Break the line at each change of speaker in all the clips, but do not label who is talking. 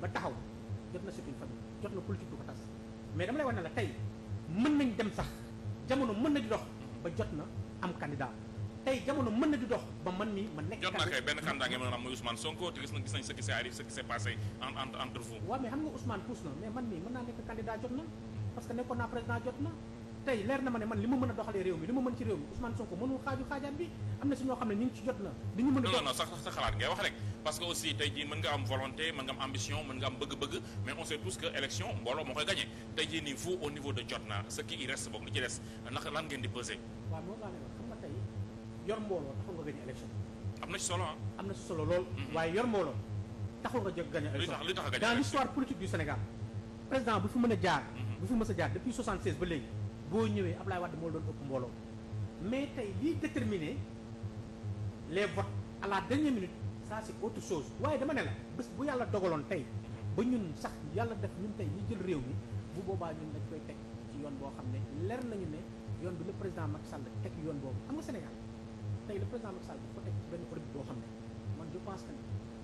ba taxaw jot na c'est une famille jot na politique du ko tas mais dama lay wax ne la tey mën nañ dem sax jamono mën na di dox ba jot na am candidat tey jamono mën na di dox
ba man mi ma nekk. jot na kay benn candidat ngeen mën a am mooy Ousmane Sonko te gis na gis nañ ce qui s'est arrivé ce qui s'est passé entre entre vous. waaw
mais xam nga Ousmane pousse na mais man mii mën naa nekk candidat jot na parce nekkoon naa président jot na. tey leer na ma ne man li ma mën a doxalee réew mi li ma mën ci réew mi Ousmane Sonko mënul xaaju xaajaan bi am na si ñoo xam ne ñu ci jot na dañu mën a non
non sax sa xalaat ngay wax rek parce que aussi tey jii mën nga am volonté mën nga am ambition mën nga am bëgg-bëgg mais on sait tous que élection mbooloo moo koy gagné tey jii nii vous au niveau de jot na ce qui reste boog li ci des naka lan ngeen di peser
waaw moom laa lay wax xam nga tey solo am na ci solo lool waaye yor mbooloo taxul nga gagné élection li ah. mm-hmm. tax li tax dans l'histoire politique du Sénégal président bu fi mën a jaar mm-hmm. bu fi a jaar depuis 76 léegi boo ñëwee Ablaye Wade moo doon ëpp mbooloo mais tey liy déterminer les votes à la dernière minute ça c'est autre chose waaye dama ne la bés bu yàlla dogaloon tey ba ñun sax yàlla def ñun tey ñu jël réew mi bu boobaa ñun dañ koy teg ci yoon boo xam ne leer nañu ne yoon bi le président Macky Sall teg yoon boobu xam nga Sénégal tey le président Macky Sall dafa teg ci benn orbite boo xam ne man je pense que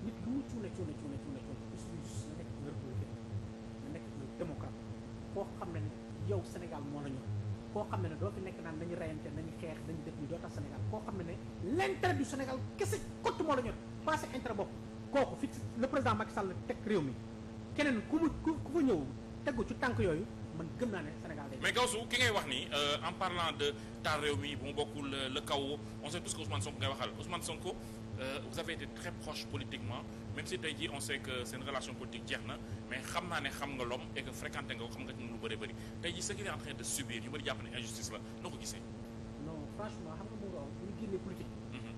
nit lu mu cuune cuune cuune cuune cuune juste na nekk un républicain na xam ne yow Sénégal moo la ñor koo xam ne ne doo fi nekk naan dañu reyante dañu xeex dañu def ñu doo tax Sénégal koo xam ne ne l'intérêt du Sénégal kese kott moo la ñor passé intérêt bopp kooku fi le président Macky Sall teg réew mi keneen ku mu ku fa ñëw tegu ci tànk yooyu man gëm naa ne Sénégal day
mais Gaoussou ki ngay wax nii euh, en parlant de taal réew mi bu mu bokkul euh, le kaw on sait tous que Ousmane Sonko ngay waxal Ousmane Sonko euh, vous avez été très proche politiquement même si tey jii on sait que seen relation politique jeex na mais xam naa ne xam nga l'homme et que fréquenté nga ko xam nga ci moom lu bëri bëri tey jii ce qu'il de subir ñu bëri jàpp ne injustice la noo ko gisee.
non franchement xam nga moom bu ñu génnee politique. Mhm.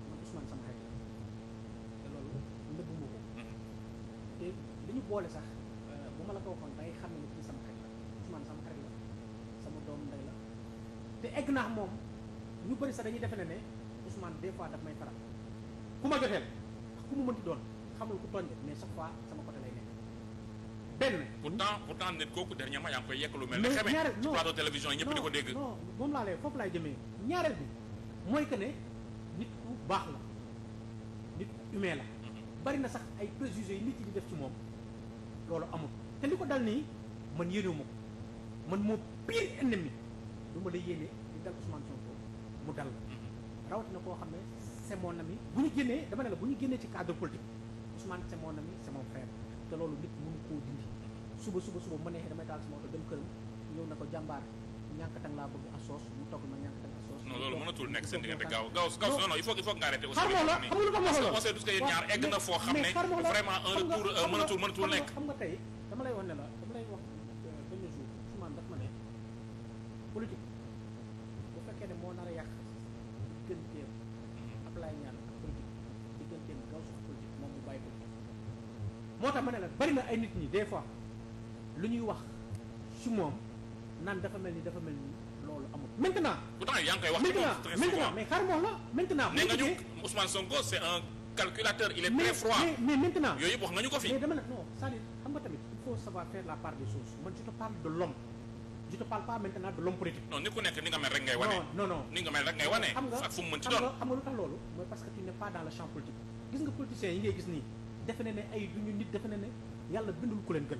man Ousmane sama xarit la doom ndey la te egg naax moom ñu bëri sax dañuy defe ne ne Ousmane des fois daf may faral ku ma joteel ku ma mënti doon xamul ku tooñ mais chaque fois sama ko lay nekk
benn. pourtant pourtant nit kooku dernièrement yaa ngi koy yekk lu mel ne. xeme ci plateau télévision ñëpp di ko dégg. non
moom laa lay foofu laay jëmee ñaareel bi mooy que ne nit ku baax la nit humain la. Mhm. bari na sax ay préjugés yi nit yi di def ci moom loolu amul te li ko dal nii man yéenewu ma ko man moo pire ennemi du ma la yéene di dal Ousmane Sonko mu dal rawatina koo xam ne c'est na ami bu ñu génnee dama ne la bu ñu génnee ci cadre politique Ousmane c'est mon na c'est mon frère te loolu nit mënu koo dindi suba suba suba ma neexee damay taal sama oto dem a soos a soos.
non loolu mënatul nekk seen diggante gaaw gaaw gaaw non non il faut il faut nga arrêté. aussi parce que yéen ñaar egg na foo xam ne vraiment un retour euh,
xam nga tey dama lay wax ne la dama lay wax. ma ne politique bu fekkee ne moo nar a yàq digganteem Ablaye Niane ak politique digganteem Gaoussou politique moom moo tax ma ne la bari ay nit ñi des fois lu ñuy wax ci moom naan dafa mel ni dafa mel ni loolu amul
maintenant. pourtant yaa ngi koy wax très souvent maintenant mais xaaral ma wax la maintenant. nee nga ñu Ousmane Sonko c'est un calculateur il est mais mais maintenant yooyu wax nga ñu ko fi. mais dama
ne non cest xam nga tamit il faut savoir faire la part des choses man je te parle de je te parle pas maintenant de l'homme politique.
non ni ku ni nga mel rek ngay wane. xam
nga xam nga lu tax loolu. mooy parce tu n'es pas dans le champ politique. gis nga politiciens yi ngay gis nii defe na ne ay duñu nit defe na ne yàlla bindul ku leen gën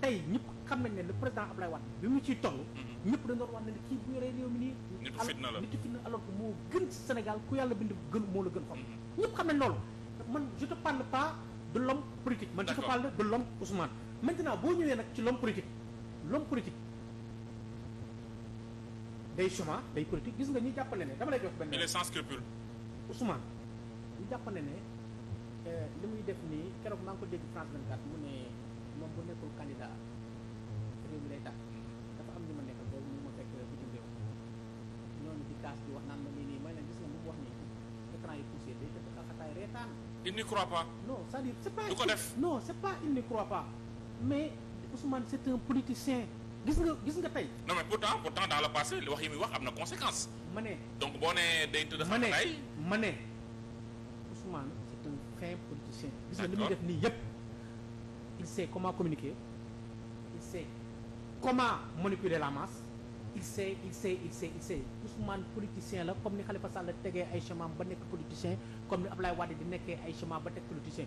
tey ñëpp xam nañ ne le président Abdoulaye Wade bi mu ci toll. Mhm. ñëpp dañu doon wax ne kii bu yoree réew mi nii. nitu fitna la nitu moo gën Sénégal ku yàlla bind gën moo la gën xam. Mhm. ñëpp xam nañ loolu man je te parle pas de l'homme politique. boo ñëwee nag ci l'homme politique l'homme politique day chômage day politique gis nga ñu jàppale ne dama lay jox
benn. il est sans scrupule.
Ousmane ñu jàppale ne euh, li muy def nii keroog maa ko dégg France 24 mu ne moom bu nekkul candidat réew mi lay tax dafa am ñu ma nekk boobu ma fekk bitim réew ñooñu di kaas bi wax naan ma nii nii may leen gis nga mu wax nii écran
yi poussé day def xataay reetaan. il n'y croit pas.
non c'est-à-dire du ko def non c'est pas croit pas mais. Ousmane c'est un politicien gis nga gis nga tey. non mais
pourtant pourtant dans le passé wax yi muy wax am na conséquence. ma ne donc boo nee day tëdd sa mbay. ma ne
Ousmane c'est un fin politicien. gis nga li muy def nii yépp il sait comment communiquer il sait comment manipuler la masse. il sait il sait il sait il politicien la comme ni Khalifa Sall tegee ay chemin ba nekk politicien comme ni Ablaye Wade di nekkee ay chemin ba nekk politicien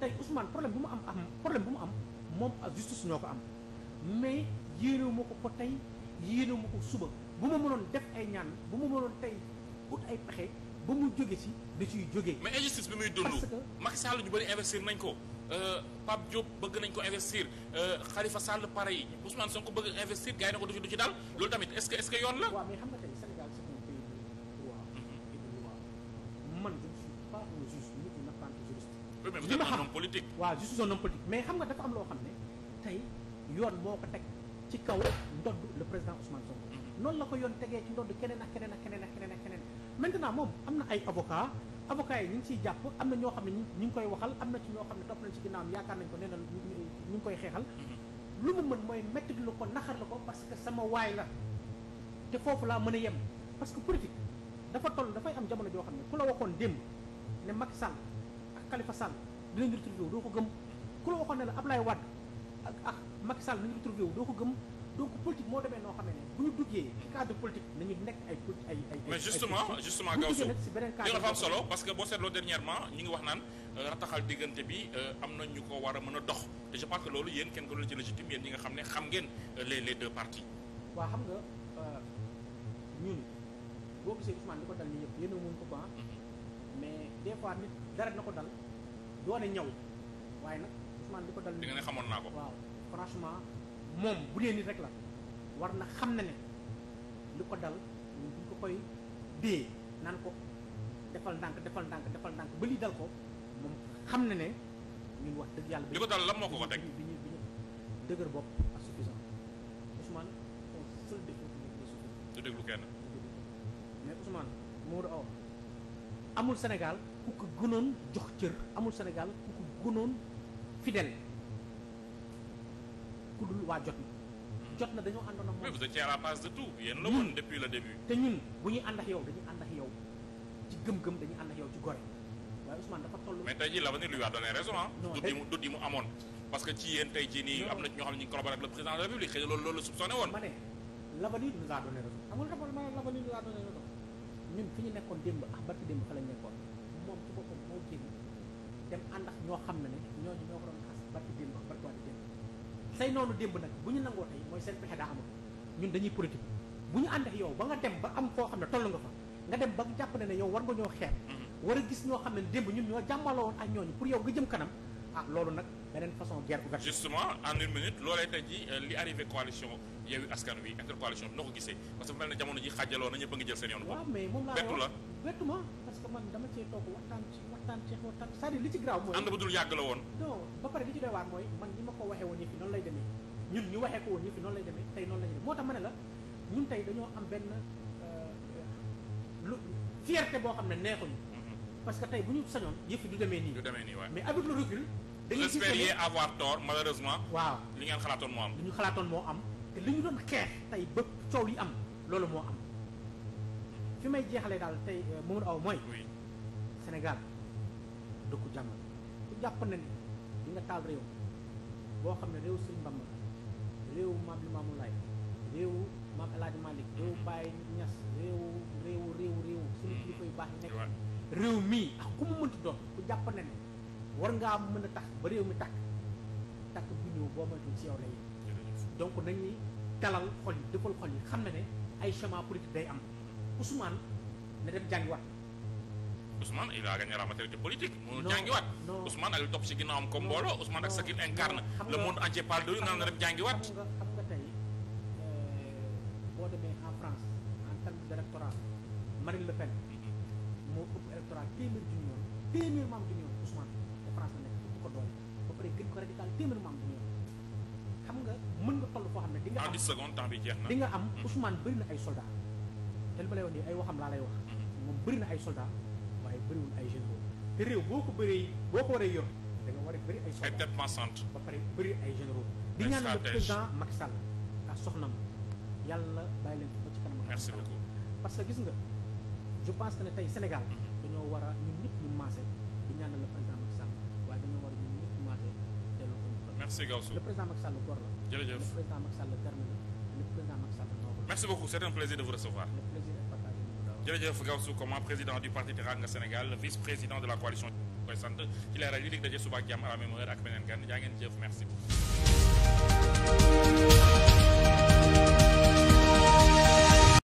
tey Ousmane problème bu mu am am ah, hmm. problème bu mu am moom ak justice ñoo ko am mais yéenewu ma ko ko tey yéenewu ma ko suba bu ma mënoon def ay ñaan bu ma mënoon tey ut ay pexe ba mu jóge ci da
ciy jógee. mais injustice bi muy dund. parce que Macky Sall ñu bëri investir nañ ko. Euh, Pape Diop bëgg nañ ko investir euh, Khalifa Sall pare yi Ousmane Sonko bëgg investir gars yi na ko du ci du ci daal loolu tamit est-ce yoon la. li
ma xam waaw je suis un mais xam nga dafa am loo xam ne tey yoon moo ko teg ci kaw ndodd le président Ousmane Sonko mhm. noonu la ko yoon tegee ci ndodd keneen ak keneen ak keneen ak keneen ak keneen maintenant moom am na ay avocat avocats yi ñu ngi ciy jàpp am na ñoo xam ne ñu ngi koy waxal am na ci ñoo xam ne topp nañ ci ginnaawam yaakaar nañ ko nee na ñu ngi koy xeexal mhm. lu mu mën mooy métti lu ko naxar la ko parce que sama waay la te foofu laa mën a yem parce que politique dafa toll dafay am jamono joo xam ne ku la waxoon démb ne Macky Sall Khalifa Sall dinañu retrouvé wu doo ko gëm ku la waxoon ne la Ablaye Wade ak ak Macky Sall nañu retrouvé wu doo ko gëm donc politique moo demee noo xam ne bu ñu duggee ci cadre politique nañu nekk ay ay mais justement justement Gaoussou li dafa am solo parce
que boo seetloo dernièrement ñu ngi wax naan euh, rataxal diggante bi euh, am na ñu ko war a mën a dox te je pense que loolu yéen kenn ko la ci légitime ñi nga xam ne xam ngeen euh, les les deux parties.
waaw xam nga ñun boo gisee mais des fois nit dara na ko dal doone ñaw waaye nag Ousmane di ko dal.
di ne xamoon naa ko waaw
franchement moom bu dee nit rek la war na xam na ne lu ko dal ñu ko koy dee naan ko defal ndànk defal ndànk defal ndànk ba lii dal ko moom xam na ne ñun wax dëgg yàlla. li ko dal la moo ko ko teg bi ñu bi ñu dëgër bopp ak suffisant Ousmane on seul défaut du déglu kenn. mais Ousmane Modou Awa. amul Sénégal ku ko gënoon jox cër amul Sénégal ku ko gënoon fidèle ku waa jot na jot na dañoo àndoon ak
moom. vous étiez à la de tout. yéen la woon depuis le début.
te ñun bu ñuy ànd ak yow dañuy ànd ak yow ci gëm-gëm dañuy ànd ak yow ci gore waaye Ousmane dafa toll.
mais tey mu dut parce que ci yéen tey jii nii am na ñoo xam ne ñu ngi collaboré ak le président de raison.
amul rapport ma ne l'avenir raison. ñun fi ñu nekkoon démb ak barki démb fa lañ nekkoon moom ci boppam moo génn dem ànd ak ñoo xam ne ne ñooñu ñoo ko doon xas barki démb ak say noonu démb nag bu ñu nangoo tey mooy seen pexe daa amul ñun dañuy politique bu ñu ànd ak yow ba nga dem ba am koo xam ne toll nga fa nga dem ba jàpp ne ne yow war nga ñoo xeeb mm-hmm. war a gis ñoo xam ne démb ñun ñoo jàmmaloo woon ak ñooñu pour yow nga jëm kanam ah loolu nag beneen façon guerre
ouverte. en une minute loolee tey ji euh, li arrivé coalition Yewwi Askan Wi intercoalition ko gisee parce que mel na jamono ji xaajaloo na ñëpp a ngi jël seen yoon. waaw mais man yàgg la woon.
non ba pare li ko waxee woon yëpp noonu lay demee ñun ñu waxee ko woon yëpp noonu lay demee tey ne la ñun tey dañoo am benn euh, lu fierté boo xam ne neexuñu mhm. parce que tey bu ñu sañoon yëf yi du demee nii.
du demee nii waaw mais
avec le recul
dañuy espériez avoir tort malheureusement. waaw li ngeen xalaatoon moo am.
li ñu xalaatoon moo am te li ñu doon xeex tey ba coow li am loolu moo am fi may jeexalee daal tey euh, Mamadou Awa mooy. Sénégal dëkku jàmm na ni xam ne réew Sëriñ Bamba réew maam Limaamu Laay réew maam El Hadj Malick réew Baye Niass réew mm-hmm. baax yi nekk réew mii ak ku mu mënti doon ku jàpp na ni war ngaa mën a tax ba réew mi tàkk tàkk bu ñëw boo moytuwul si yow lay donc nañuy dalal xol dëfal xol yi xam na ne ay chemin politique day am Ousmane na dem jàngiwaat.
Ousmane a gagné la maturité politique. non mënul jàngiwaat. Ousmane ak li topp si ginnaawam comme mbooloo Ousmane ak Sakil incarne. le monde entier parle de lui naan nga xam
nga tey euh, boo demee en France en terme d'électorat Marine Le Pen. Mhm. moo ëpp électorat téeméer junni yoon téeméer maam junni yoon Ousmane. gën ko daal téeméer mu am xam nga mën nga toll foo xam ne di nga am en 10
secondes jeex na nga am mm-hmm. Ousmane
bëri na ay soldats te li ma lay wax nii ay waxam laa lay wax mm-hmm. moom bëri na ay soldats waaye bëriwul ay généraux te réew boo ko bëree boo ko waree yor da nga war a bëri ay
soldats ba pare
bëri ay généraux
di ñaan le président
Macky Sall ak soxnam yàlla bàyyi leen ba ci kanam merci beaucoup parce que gis nga je pense que ne tey Sénégal mm-hmm. dañoo war a ñun ñu maase
merci Gaoussou le président
Macky Sall góor la. jërëjëf le président Macky Sall terme la le président Macky Sall noble la.
merci beaucoup c'est un plaisir de vous recevoir. le plaisir est partagé. jërëjëf Gaoussou Koma président du parti Teranga Sénégal vice président de la coalition. koy sant ci leeral yi dig daje suba ak jàmm à la même heure ak beneen gan yaa ngeen jëf merci.